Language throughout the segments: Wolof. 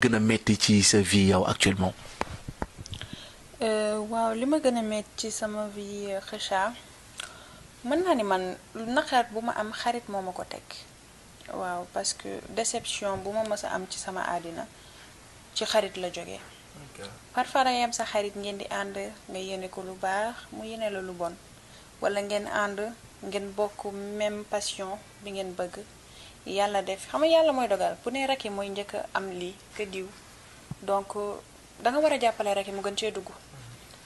métti ci sa vie yow euh, waaw li ma gën a métti ci sama vie euh, Kheucha mën na ni man naqar bu ma am xarit moo ma ko teg waaw parce que déception bu ma mës a am ci sama àddina ci xarit la jógee. parfois sa xarit ngeen di ànd nga yéene ko lu baax mu yéene la lu bon wala ngeen ànd ngeen bokk même passion bi ngeen bëgg. yàlla def xam nga yàlla mooy dogal bu ne rek yi mooy njëkk am li ka diw donc da war a jàppale rek yi mu gën cee dugg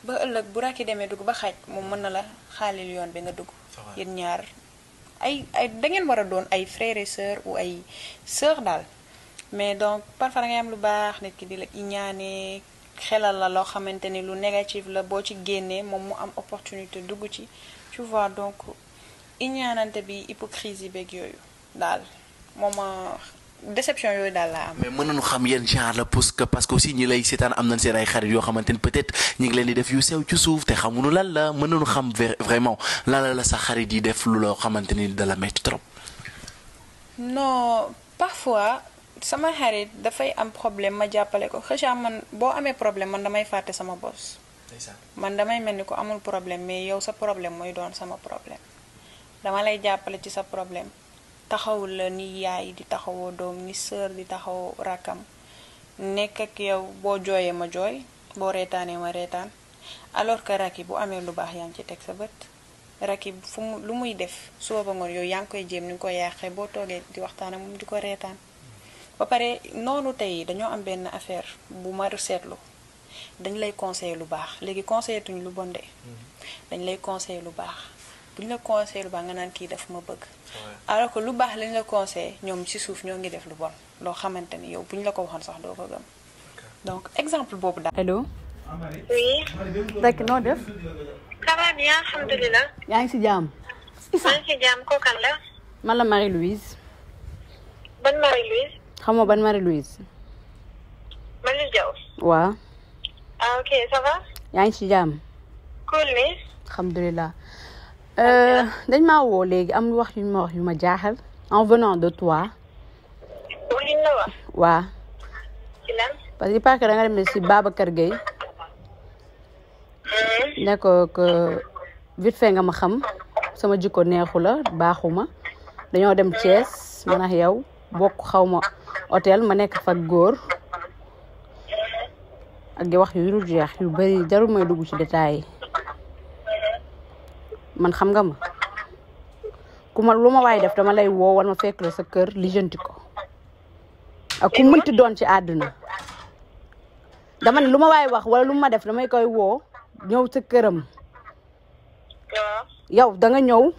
ba ëllëg bu rakki demee dugg ba xaaj moom mën na la xaalil yoon bi nga dugg yéen ñaar ay ay da war a doon ay frères et ay sœurs daal mais donc parfois da am lu baax nit ki di la ñaanee xelal la loo xamante ni lu négative la boo ci génnee moom mu am opportunité dugg ci tu vois donc iñaanante bi hypocrisie beeg yooyu daal moom déception yooyu daal la am. mais mën nañu xam yenn genre la parce que parce que aussi ñi lay seetaan am nañ seen ay xarit yoo xamante ni peut-être ñi ngi leen di def yu sew ci suuf te xamuñu lan la mën nañu xam vraiment lan la la sa xarit yi def lu loo xamante ni dala metti trop. non parfois sama xarit dafay am problème ma jàppale ko xëcc man boo amee problème man damay fàtte sama bos. man damay mel ni ko amul problème mais yow sa problème mooy doon sama problème dama lay jàppale ci sa problème. taxawul la ni yaay di taxawoo doom ni sœur di taxaw rakkam nekk ak yow boo jooyee ma jooy boo reetaanee ma reetaan alors que rakki bu amee lu baax yaa ngi ci teg sa bët rakki fu mu lu muy def suba ba ngoon yow yaa ngi koy jéem ni nga ko yàqee boo toogee di waxtaan ak moom di ko reetaan ba pare noonu tey dañoo am benn affaire bu ma seetlu dañ lay conseiller lu baax léegi conseiller lu bon de mm-hmm. dañ lay conseiller lu baax bu ñu la conseillé lu baax nga naan kii daf ma bëgg. alors ko lu baax lañ la conseillé ñoom ci suuf ñoo ngi def lu bon loo xamante ni yow bu ñu la ko waxoon sax doo ko gëm donc exemple boobu daal. allo. oui. Racky noo def. ça va alhamdulilah. yaa ngi ci jàmm. maa ngi ci jàmm kookan la. man xam nga ban Marie Louise. Marie Diaw. waaw. Ah, ngi ci jàmm. cool alhamdulilah. Euh, dañ maa woo léegi am wax yu ma wax yu ma jaaxal en venant de trois waa parce que parce que da nga demee si Babacar Gueye. Hmm. ne ko que nga ma xam sama jikko neexu la baaxuma dañoo dem Thiès man ak yow bokk xaw ma hôtel ma nekk fa góor ak di wax yu dul jeex yu bari jarul may dugg ci détails yi. man xam nga ma ku ma lu ma waay def dama lay woo war ma fekk la sa kër lijjanti ak ku mënti doon ci àdduna dama ne lu ma waay wax wala lu ma def damay koy woo ñëw sa këram. yow danga ñëw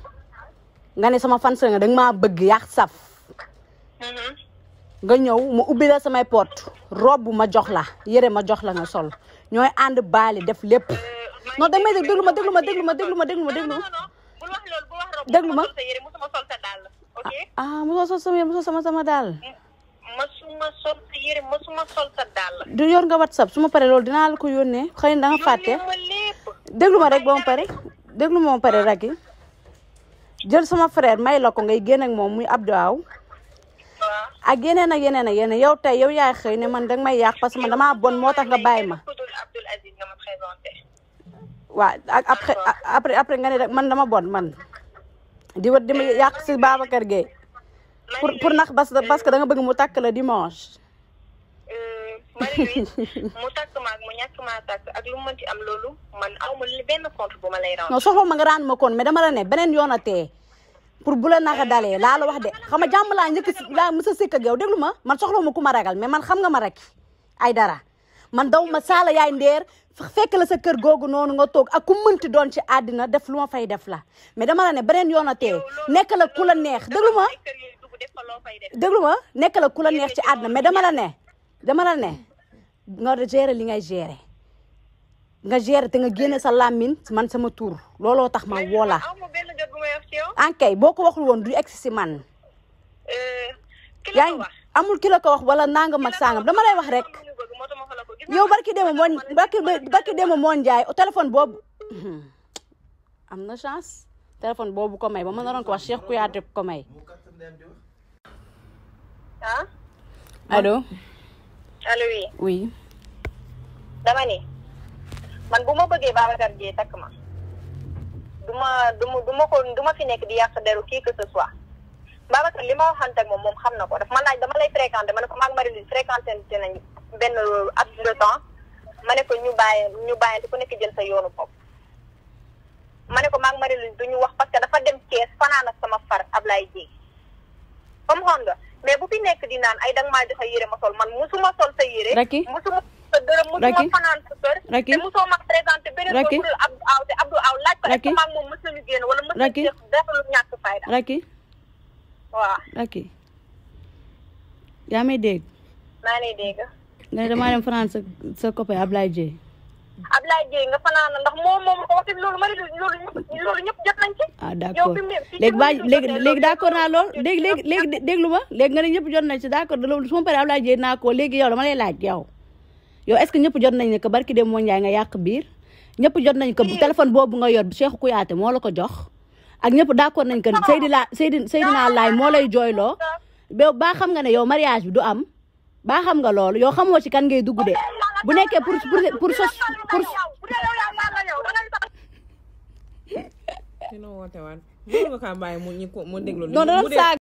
nga ne sama fan nga da maa bëgg yàq saf. Mm-hmm. nga ñëw mu ubbi la samay porte robe ma jox la yére ma jox la nga sol ñooy ànd bali def lépp. non danga may déglu ma déglu ma déglu ma déglu ma déglu ma déglu déglu ma ah mosoo sol sama ah, yére mosoo sama sama daal masuma sol sa yére masuma sol sa daal du yor nga whatsapp su ma paree loolu dinaa la ko yónnee xëy na da nga fàtte déglu ma rek ba ma pare déglu ma ma pare ah. rek jël sama frère may la ko ngay génn ak moom muy Abdou Aw ah. ak yeneen ak yeneen ak yeneen yow tey yow yaay xëy ne man danga may yàq parce que man damaa bon moo tax nga bàyyi ma waaw ak après après après nga ne rek man dama bon man di wër di ma yàq si Babacar Gueye pour pour nax parce que da nga bëgg mu takk la dimanche. Euh, mu takk maag mu ñàkk maa takk ak lu mu mënti am loolu man aw ma benn compte bu ma lay rendre. ma nga rendre ma compte mais dama la ne beneen yoon a tee pour bu la naxa dalee laa la wax de xam nga jàmm laa njëkk si laa mës a ma man soxla ma ku ma ragal mais man xam nga ma rek ay dara. man daw ma saala yaay ndeer fekk la sa kër googu noonu nga toog ak ku mënti doon ci àddina def luma fay def la mais dama la ne beneen yoon a tee nekk la ku neex déglu ma déglu ma nekk la ku la neex ci àddina mais dama la ne dama la ne nga gérer li ngay gérer nga gérer te nga génne sa làmmiñ man sama tur looloo tax ma woola ankay boo ko waxul woon du egsi si man euh, yaa ngi amul ki la ko wax wala nangam ak sangam dama lay wax rek yow barki dema moon barki barki dema moon jaay téléphone boobu hmm. am na chance téléphone boobu ko may ba ma naroon ko wax Cheikh Kouyaté ko may ah allo allo oui oui man bu ma bëggee Babacar Dieye takk ma du ma du ma du ma ko nekk di yàq deru kii que ce soit Babacar li ma waxante ak moom moom xam na ko daf ma laaj dama lay fréquenté ma ne ko maag Marie-Louise fréquenté nañ benn at de temps ma ne ko ñu bàyyi ñu bàyyante ku nekk jël sa yoonu bopp. ma ne ko maag Marie-Louise du ñu wax parce que dafa dem Thiès fanaan ak sama far Ablaye Dieng comme xam nga mais bu fi nekk di naan ay danga maa joxe yére ma sol man musuma sol sa yére. raki musuma sa dërëm musuma fanaan sa kër. raki te musoo ma présenté beneen góor bu dul Abdou Aw te Abdou Aw laaj ko est-ce que maag moom wala mës nañu def dara lu waaw ok yaa may dégg. maa lay dégg. nga ne damaa dem fanaan sa sa copain Ablaye Dieng. nga fanaan ndax moom moom loolu loolu loolu ñëpp jot nañ ci. ah d' accord léegi ba léegi léegi d' accord naa lool léegi léegi léegi déglu ma léegi nga ne ñëpp jot nañ ci d' accord loolu su ma paree Ablaye Dieng naa ko léegi yow ma lay laaj yow. yow est ce que ñëpp jot nañ ne que barki dem moo Ndiaye nga yàq biir ñëpp jot nañ que téléphone boobu nga yor Cheikh Kouyaté moo la ko jox. ak ñëpp d'accord nañ que Seydina Seydina Seydina Laay moo lay jooyloo ba baa xam nga ne yow mariage bi du am baa xam nga loolu yow xamoo ci kan ngay dugg de bu nekkee pour pour pour sos pour. dina woote waat mu déglu. non non